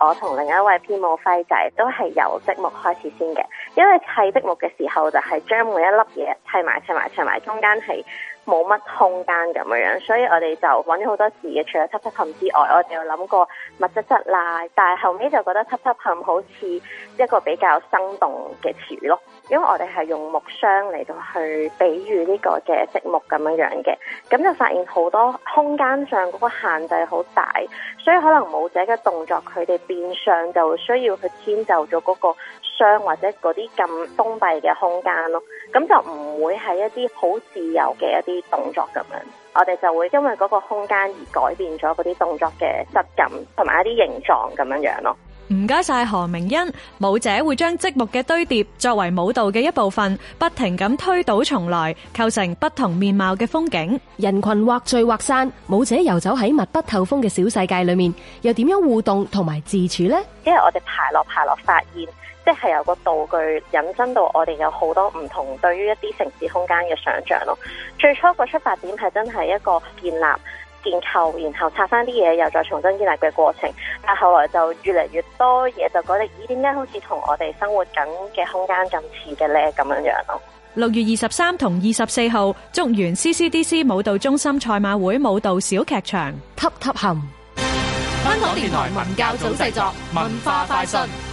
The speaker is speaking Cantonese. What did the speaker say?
我同另一位編舞輝仔都係由積木開始先嘅，因為砌積木嘅時候就係將每一粒嘢砌埋砌埋砌埋，中間係。冇乜空間咁樣樣，所以我哋就揾咗好多字嘅，除咗七七氹之外，我哋又諗過密密窒啦，但係後尾就覺得七七氹好似一個比較生動嘅詞語咯，因為我哋係用木箱嚟到去比喻呢個嘅積木咁樣樣嘅，咁就發現好多空間上嗰個限制好大，所以可能舞者嘅動作佢哋變相就需要去遷就咗嗰個。或者嗰啲咁封閉嘅空間咯，咁就唔會係一啲好自由嘅一啲動作咁樣，我哋就會因為嗰個空間而改變咗嗰啲動作嘅質感同埋一啲形狀咁樣樣咯。唔該晒何明恩，舞者會將積木嘅堆疊作為舞蹈嘅一部分，不停咁推倒重來，構成不同面貌嘅風景。人群或聚或散，舞者遊走喺密不透風嘅小世界裏面，又點樣互動同埋自處呢？因為我哋排落排落，發現即係由個道具引申到我哋有好多唔同，對於一啲城市空間嘅想象咯。最初個出發點係真係一個建立。建構，然後拆翻啲嘢，又再重新建立嘅過程。但後來就越嚟越多嘢，就覺得咦，點解好似同我哋生活緊嘅空間咁似嘅咧？咁樣樣咯。六月二十三同二十四號，竹園 CCDC 舞蹈中心賽馬會舞蹈小劇場，吸吸含。香港電台文教組製作，文化快訊。